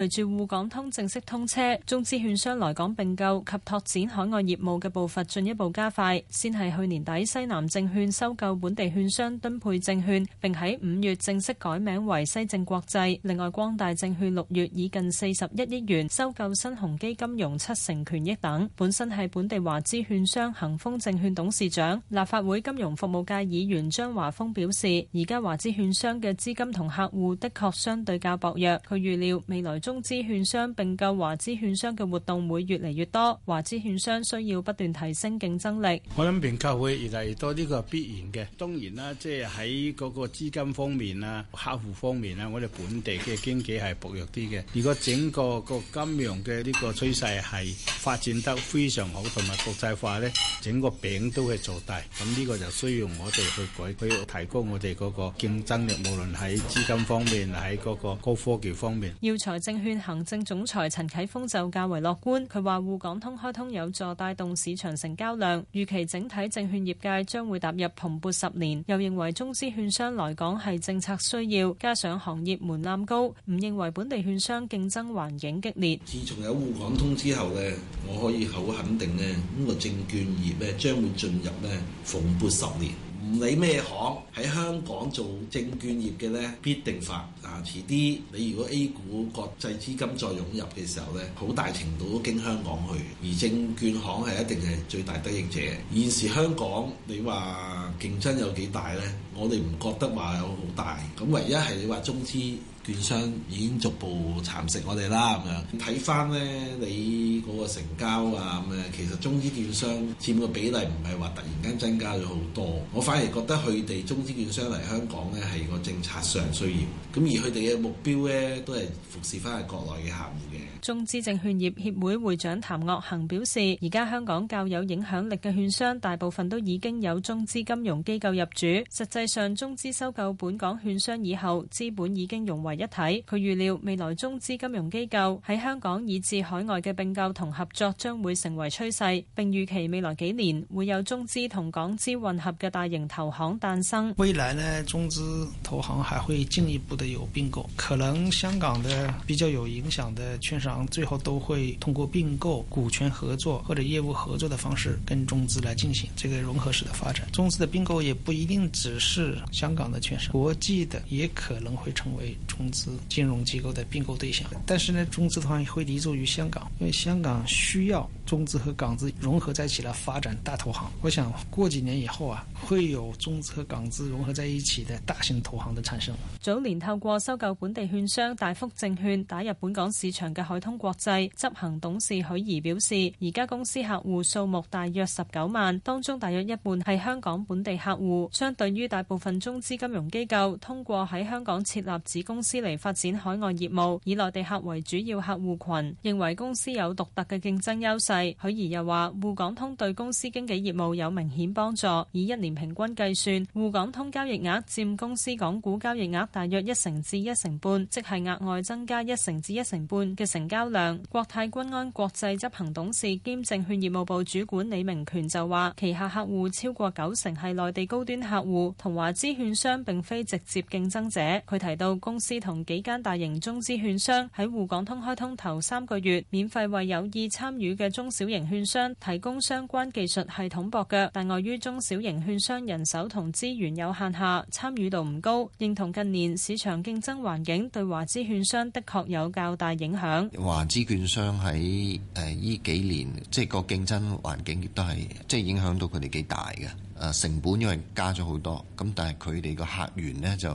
隨住滬港通正式通車，中資券商來港併購及拓展海外業務嘅步伐進一步加快。先係去年底，西南證券收購本地券商敦沛證券，並喺五月正式改名為西證國際。另外，光大證券六月以近四十一億元收購新鴻基金融七成權益等。本身係本地華資券商恒豐證券董事長、立法會金融服務界議員張華峰表示，而家華資券商嘅資金同客戶的確相對較薄弱。佢預料未來，中資券商併購華資券商嘅活動會越嚟越多，華資券商需要不斷提升競爭力。我諗併購會越嚟越多，呢個係必然嘅。當然啦，即係喺嗰個資金方面啊、客戶方面啊，我哋本地嘅經紀係薄弱啲嘅。如果整個個金融嘅呢個趨勢係發展得非常好，同埋國際化咧，整個餅都係做大。咁呢個就需要我哋去改，佢提高我哋嗰個競爭力。無論喺資金方面，喺嗰個高科技方面，要財政。券行政總裁陳啟峰就較為樂觀，佢話滬港通開通有助帶動市場成交量，預期整體證券業界將會踏入蓬勃十年。又認為中資券商來港係政策需要，加上行業門檻高，唔認為本地券商競爭環境激烈。自從有滬港通之後呢，我可以好肯定呢，咁個，那個證券業咧將會進入咧蓬勃十年。唔理咩行，喺香港做證券業嘅呢，必定發啊！遲啲你如果 A 股國際資金再湧入嘅時候呢，好大程度都經香港去，而證券行係一定係最大得益者。現時香港你話競爭有幾大呢？我哋唔覺得話有好大。咁唯一係你話中資券商已經逐步蠶食我哋啦，咁樣睇翻咧，你嗰個成交啊咁樣，其實中資券商佔個比例唔係話突然間增加咗好多，我反而覺得佢哋中資券商嚟香港咧，係個政策上需要，咁而佢哋嘅目標咧都係服侍翻係國內嘅客戶嘅。中資證券業協會會長譚岳衡表示，而家香港較有影響力嘅券商，大部分都已經有中資金融機構入主，實際上中資收購本港券商以後，資本已經融為。一體，佢預料未來中資金融機構喺香港以至海外嘅並購同合作將會成為趨勢，並預期未來幾年會有中資同港資混合嘅大型投行誕生。未來呢，中資投行還會進一步的有並購，可能香港的比較有影響的券商最後都會通過並購、股權合作或者業務合作的方式，跟中資來進行這個融合式嘅發展。中資的並購也不一定只是香港的券商，國際的也可能會成為。中資金融機構的併購對象，但是呢，中資團會立足於香港，因為香港需要中資和港資融合在一起來發展大投行。我想過幾年以後啊，會有中資和港資融合在一起的大型投行的產生。早年透過收購本地券商大福證券打入本港市場嘅海通國際執行董事許儀表示，而家公司客戶數目大約十九萬，當中大約一半係香港本地客戶。相對於大部分中資金融機構通過喺香港設立子公司。司嚟發展海外業務，以內地客為主要客戶群，認為公司有獨特嘅競爭優勢。許怡又話，滬港通對公司經紀業務有明顯幫助，以一年平均計算，滬港通交易額佔公司港股交易額大約一成至一成半，即係額外增加一成至一成半嘅成交量。國泰君安國際執行董事兼證券業務部主管李明權就話，旗下客戶超過九成係內地高端客戶，同華資券商並非直接競爭者。佢提到公司。同幾間大型中資券商喺滬港通開通頭三個月，免費為有意參與嘅中小型券商提供相關技術系統駁腳，但礙於中小型券商人手同資源有限下，參與度唔高。認同近年市場競爭環境對華資券商的確有較大影響。華資券商喺誒，呢幾年，即係個競爭環境亦都係即係影響到佢哋幾大嘅。成本因為加咗好多，咁但係佢哋個客源咧就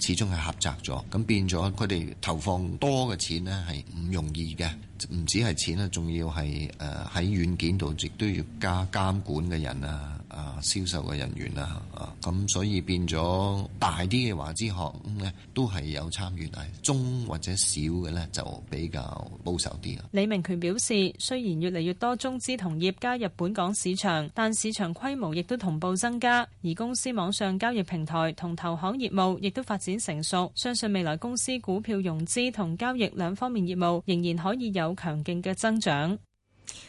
始終係狹窄咗，咁變咗佢哋投放多嘅錢咧係唔容易嘅。唔止係錢啊，仲要係誒喺軟件度，亦都要加監管嘅人啊，啊、呃、銷售嘅人員啦，啊、呃、咁所以變咗大啲嘅華資學咧、嗯，都係有參與，但中或者少嘅咧就比較保守啲啦。李明權表示，雖然越嚟越多中資同業加入本港市場，但市場規模亦都同步增加，而公司網上交易平台同投行業務亦都發展成熟，相信未來公司股票融資同交易兩方面業務仍然可以有強勁嘅增長。